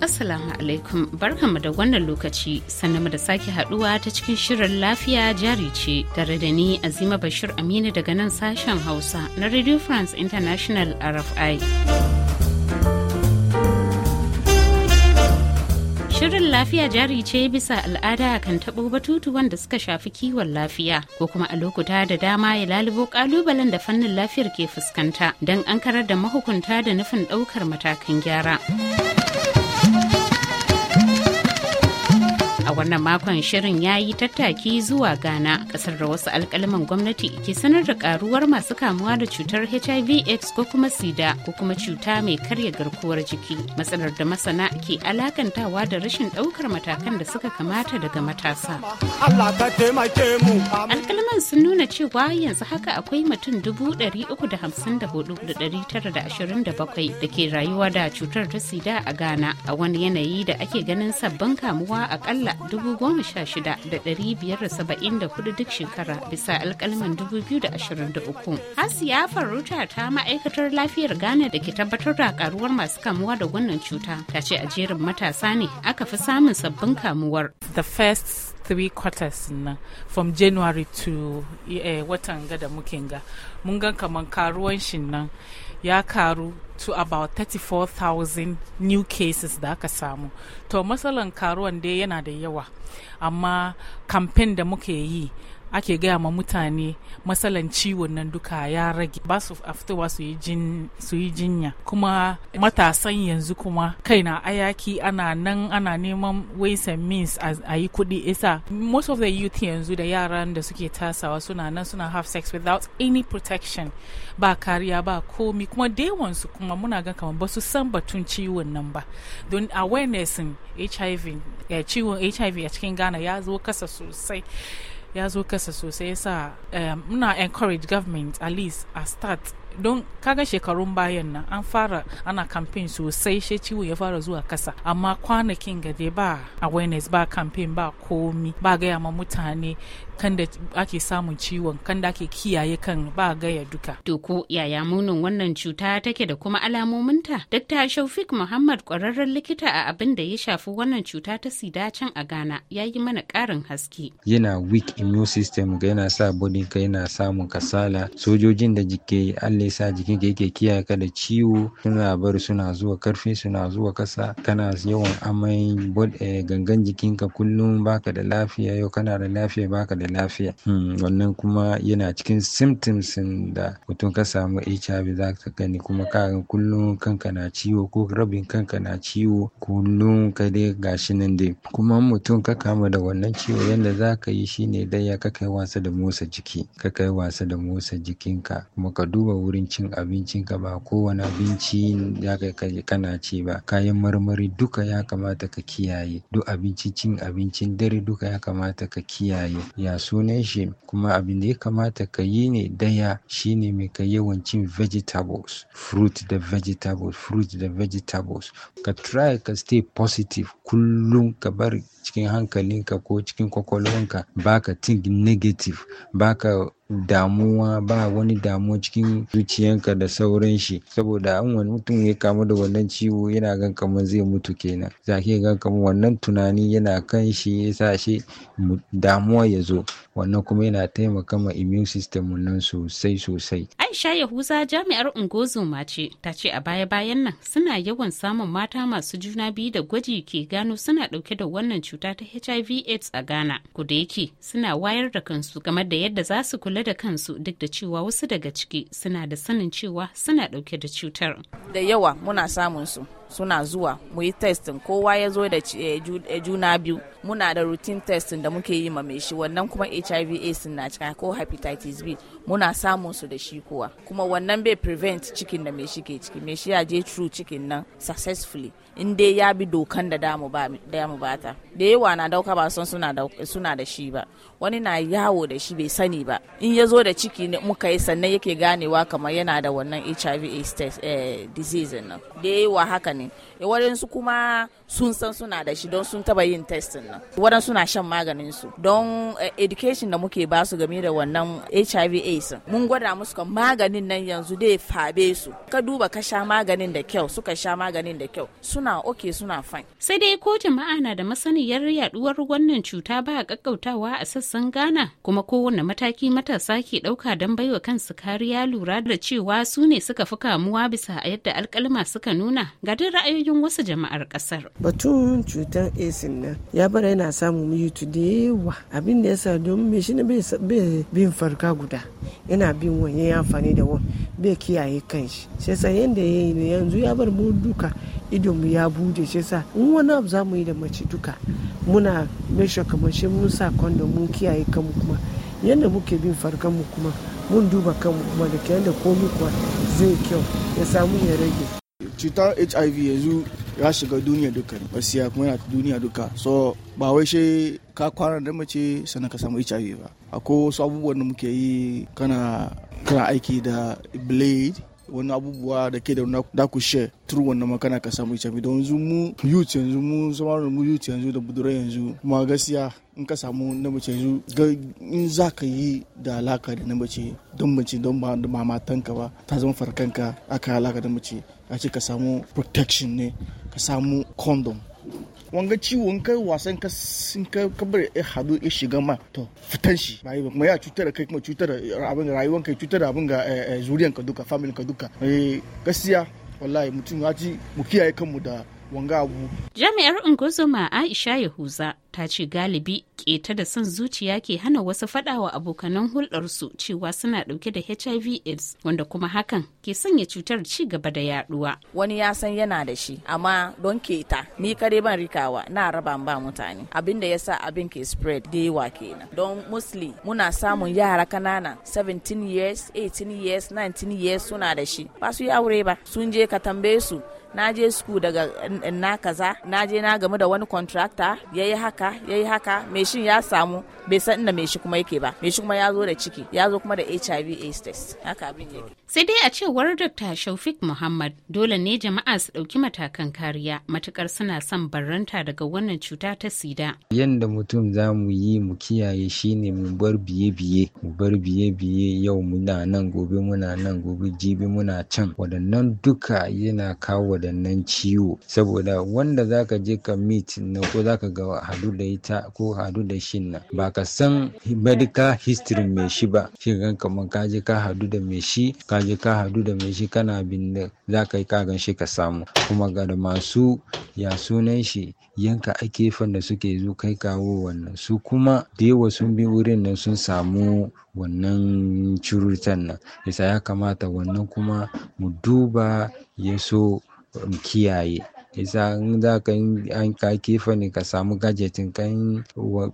Assalamu alaikum barkanmu da wannan lokaci sannan da sake haduwa ta cikin shirin lafiya jari ce tare da ni Azima Bashir Aminu daga nan sashen Hausa na Radio France International RFI. Shirin lafiya jari ce bisa al'ada kan taɓo batutu wanda suka shafi kiwon lafiya ko kuma a lokuta da dama ya lalubo ƙalubalen da fannin lafiyar ke fuskanta don an karar da mahukunta da nufin ɗaukar matakan gyara. a wannan makon shirin ya yi tattaki zuwa ghana kasar da wasu alkalaman gwamnati ke sanar da karuwar masu kamuwa da cutar hiv aids ko kuma sida ko kuma cuta mai karya garkuwar jiki matsalar da masana ke alakantawa da rashin daukar matakan da suka kamata daga matasa alkalaman sun nuna cewa yanzu haka akwai mutum 354,927 da ke rayuwa da cutar ta sida a ghana a wani yanayi da ake ganin sabbin kamuwa akalla 2016,574 duk shekara bisa alkalmin 2023. asiya Faruta ta ma'aikatar lafiyar Ghana da ke tabbatar da karuwar masu kamuwa da wannan cuta ta ce a jerin matasa ne aka fi samun sabbin kamuwar. The first three quarters nan from january to eh, watan ga da muke ga mun ga kaman karuwan shi nan ya karu to about 34,000 new cases da aka samu to matsalan karuwan dai yana da yawa amma kamfen da muke yi ake gaya ma mutane matsalan ciwon nan duka ya rage ba su fitowa su yi jinya kuma matasan yanzu kuma kai na ayaki ana nan ana neman ways and means a yi kuɗi isa most of the youth yanzu da yaran da suke tasawa suna nan suna have sex without any protection ba kariya ba komi kuma dewansu kuma muna gan kamar ba su san batun ciwon nan ba don awareness hiv eh, ciwon hiv a cikin ghana ya zo kasa sosai ya zo kasa sosai yasa eh, muna encourage government at least a start don kaga shekarun bayan nan an fara ana kamfen sosai shi ciwo ya fara zuwa kasa amma kwanakin gade ba awareness ba kamfen ba komi ba gaya ma mutane kan da ake samun ciwon kan da ake kiyaye kan ba gaya duka. Doko yaya munin wannan cuta take da kuma alamominta? Dr. Shaufik Muhammad kwararren likita a abin da ya shafi wannan cuta ta sida can a Ghana ya yi mana karin haske. Yana weak immune system ga yana sa ka yana samun kasala sojojin da jike lallai sa ka yake kiyaye ka da ciwo suna bari suna zuwa karfi suna zuwa kasa kana yawan amai eh, gangan jikinka kullum baka da lafiya yau kana da lafiya baka da lafiya hmm, wannan kuma yana cikin symptoms da mutum ka samu HIV za ka gani kuma ka kullum kanka na ciwo ko rabin kanka na ciwo kullum ka dai gashi nan dai kuma mutum ka kama da wannan ciwo yadda za ka yi shine dai ya ka kai wasa da motsa jiki ka kai wasa da motsa jikinka kuma ka duba wurin cin abincin ka ba kowane abinci za ka kana ci ba kayan marmari duka ya kamata ka kiyaye duk abinci cin abincin dare duka ya kamata ka kiyaye ya sunan shi kuma abin da ya kamata ka yi ne daya shine mai ka yawan cin vegetables fruit da vegetables fruit da vegetables ka try ka stay positive kullum ka bar cikin hankalinka ko cikin kwakwalwanka baka think negative baka damuwa ba wani damuwa cikin zuciyanka da sauran shi saboda an wani mutum ya kamu da wannan ciwo yana gan kamar zai mutu kenan za ka gan kamar wannan tunani yana kan shi ya sa shi damuwa ya zo wannan kuma yana taimaka ma immune system nan sosai sosai Aisha Yahuza jami'ar Ungozoma ce ta ce a baya-bayan nan suna yawan samun mata masu juna biyu da gwaji ke gano suna dauke da wannan cuta ta HIV AIDS a Ghana ku yake suna wayar da kansu game da yadda za su kula kula da kansu duk da cewa wasu daga ciki suna da sanin cewa suna dauke da cutar. Da yawa muna samun su. suna zuwa mu yi testin kowa ya zo da eh, eh, juna biyu muna da routine testin da muke yi ma mai shi wannan kuma hiv aids na cika ko hepatitis b muna samun su da shi kuwa kuma wannan bai prevent cikin da mai shi ke ciki mai shi ya je true cikin nan successfully in dai ya bi dokan da damu ba ta da yawa na dauka ba son suna da shi ba wani na yawo da shi bai sani ba in ya zo da ciki ne muka yi sannan yake ganewa kamar yana da wannan hiv aids eh, disease nan da yawa haka ne ne eh, wadansu kuma sun san suna da shi don sun taba yin testin nan waɗansu suna shan maganin su don eh, education da muke ba su game da wannan hiv aids mun gwada musu kan maganin nan yanzu dai fabe su ka duba ka sha maganin da kyau suka sha maganin da kyau suna oke suna fine sai dai ko jama'a na da masaniyar yaduwar wannan cuta ba a kakkautawa a sassan ghana kuma kowanne mataki matasa ke dauka don baiwa kansu kariya lura da cewa su ne suka fi kamuwa bisa a yadda alkalma suka nuna ga ra'ayoyin wasu jama'ar kasar batun cutar asin nan ya bara yana samun mutu da yawa abin da ya sa domin mai shi bai bin farka guda yana bin wani ya amfani da wani bai kiyaye kan shi sa yadda ya yi yanzu ya bar mu duka mu ya bude shi sa in wani abu za mu yi da mace duka muna mesha kamar shi mun sa kwando mun kiyaye kanmu kuma yadda muke bin farkan mu kuma mun duba kanmu kuma da ke yadda komi kuwa zai kyau ya samu ya rage cutar hiv yanzu ya shiga duniya duka gaskiya kuma yana duniya duka so ba wai shi ka kwana da mace sannan ka samu hiv ba akwai wasu abubuwan da muke yi kana kana aiki da blade wani abubuwa da ke da da ku share through wannan makana ka samu hiv don yanzu mu youth yanzu mu zama mu youth yanzu da budurai yanzu kuma gaskiya in ka samu na mace in za ka yi da alaka da na mace don mace don ba ka ba ta zama farkanka aka alaka da mace a ce ka samu protection ne ka samu condom wanga ciwo in kai wasan ka sun ka kabar ya hadu ya shiga ma to fitan shi ba yi kuma ya cutar da kai kuma cutar da abin rayuwar kai cutar da abin ga eh, eh, zuriyan ka duka family ka duka eh, gaskiya wallahi mutum ya ci mu kiyaye kanmu da wanga abu jami'ar ungozoma Aisha Yahuza ta ce galibi keta da son zuciya ke hana wasu faɗawa abokanan hulɗarsu cewa suna ɗauke da hiv aids wanda kuma hakan ke sanya cutar ci gaba da yaduwa wani ya san yana da shi amma don keta ni kare ban rikawa na raba ba mutane abin da yasa abin ke spread da yawa kenan don musli muna samun yara kanana 17 years 18 years 19 years suna da shi ba su yi aure ba sun je ka tambaye su na je sku daga na kaza na je na gamu da wani contractor ya yi haka ya yi haka mai shin ya samu bai san inda mai shi kuma yake ba mai shi kuma ya zo da ciki ya zo kuma da hiv aids haka abin yake sai dai a cewar dr shaufik muhammad dole ne jama'a su ɗauki matakan kariya matukar suna son barranta daga wannan cuta ta sida yadda mutum za mu yi mu kiyaye shine mu bar biye-biye mu bar biye-biye yau muna nan gobe muna nan gobe jibi muna can waɗannan duka yana kawo wadannan ciwo saboda wanda zaka je ka meet na ko zaka ga hadu da ita ko hadu da shin nan ba ka san medical history mai shi ba shi gan kamar ka je ka hadu da mai shi ka je ka hadu da mai shi kana bin da zaka yi kagan shi ka samu kuma ga da masu ya sunan shi yanka ake fan da suke zo kai kawo wannan su kuma da yawa sun bi wurin nan sun samu wannan cirutan nan yasa ya kamata wannan kuma mu duba ya so chi hai isa in za ka an ka kefa ne ka samu gadgetin kan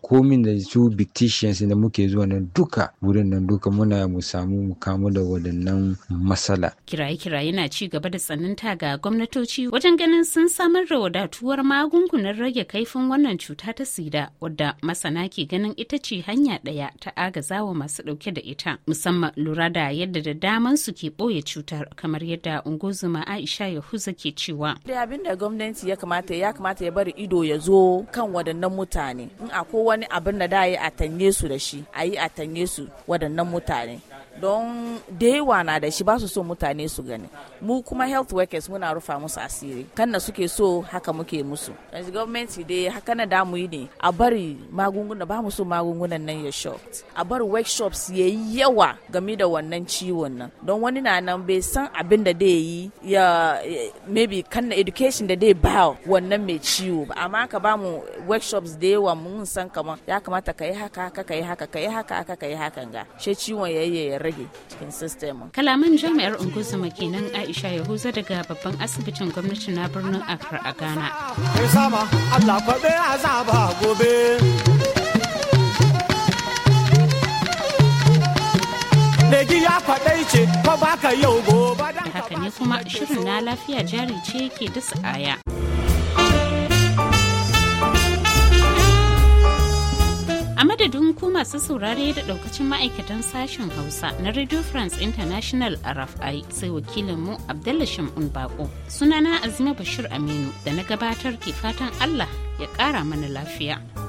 komin da su bicticians da muke zuwa nan duka wurin nan duka muna mu samu mu kamu da waɗannan matsala. Kiraye-kiraye na ci gaba da tsananta ga gwamnatoci wajen ganin sun samar da wadatuwar magungunan rage kaifin wannan cuta ta sida wadda masana ke ganin ita ce hanya ɗaya ta agazawa masu ɗauke da ita musamman lura da yadda da daman su ke ɓoye cutar kamar yadda ungozuma Aisha Yahuza ke cewa. gwamnati ya kamata ya kamata ya bari ido ya zo kan waɗannan mutane in akwai wani abin da da yi a tanye su da shi a yi a tanye su waɗannan mutane don da yawa na da shi ba su so mutane su gani mu kuma health workers muna rufa musu asiri kan na suke so haka muke musu as government dai haka na damu yi ne a bari magunguna ba mu so magungunan nan ya short a bari workshops ya yi yawa game da wannan ciwon nan don wani na nan bai san abin da dai yi ya maybe kan na education da dai ba wannan mai ciwo ba amma ka ba mu workshops da yawa mun san kamar ya kamata ka yi haka haka ka yi haka ka yi haka ka yi hakan ga shi ciwon yayyaye rage cikin Kalaman jami'ar Unguzuma kenan Aisha Yahuza daga babban asibitin gwamnati na birnin Accra a Ghana. Da Haka ne kuma shirin na lafiya jari ce ke dasa aya. A madadin ku masu saurare da daukacin ma'aikatan sashen Hausa na Radio France International RFI sai Wakilin Mu Shamun Bako. Sunana Azima Bashir Aminu da na gabatar ke fatan Allah ya ƙara mana lafiya.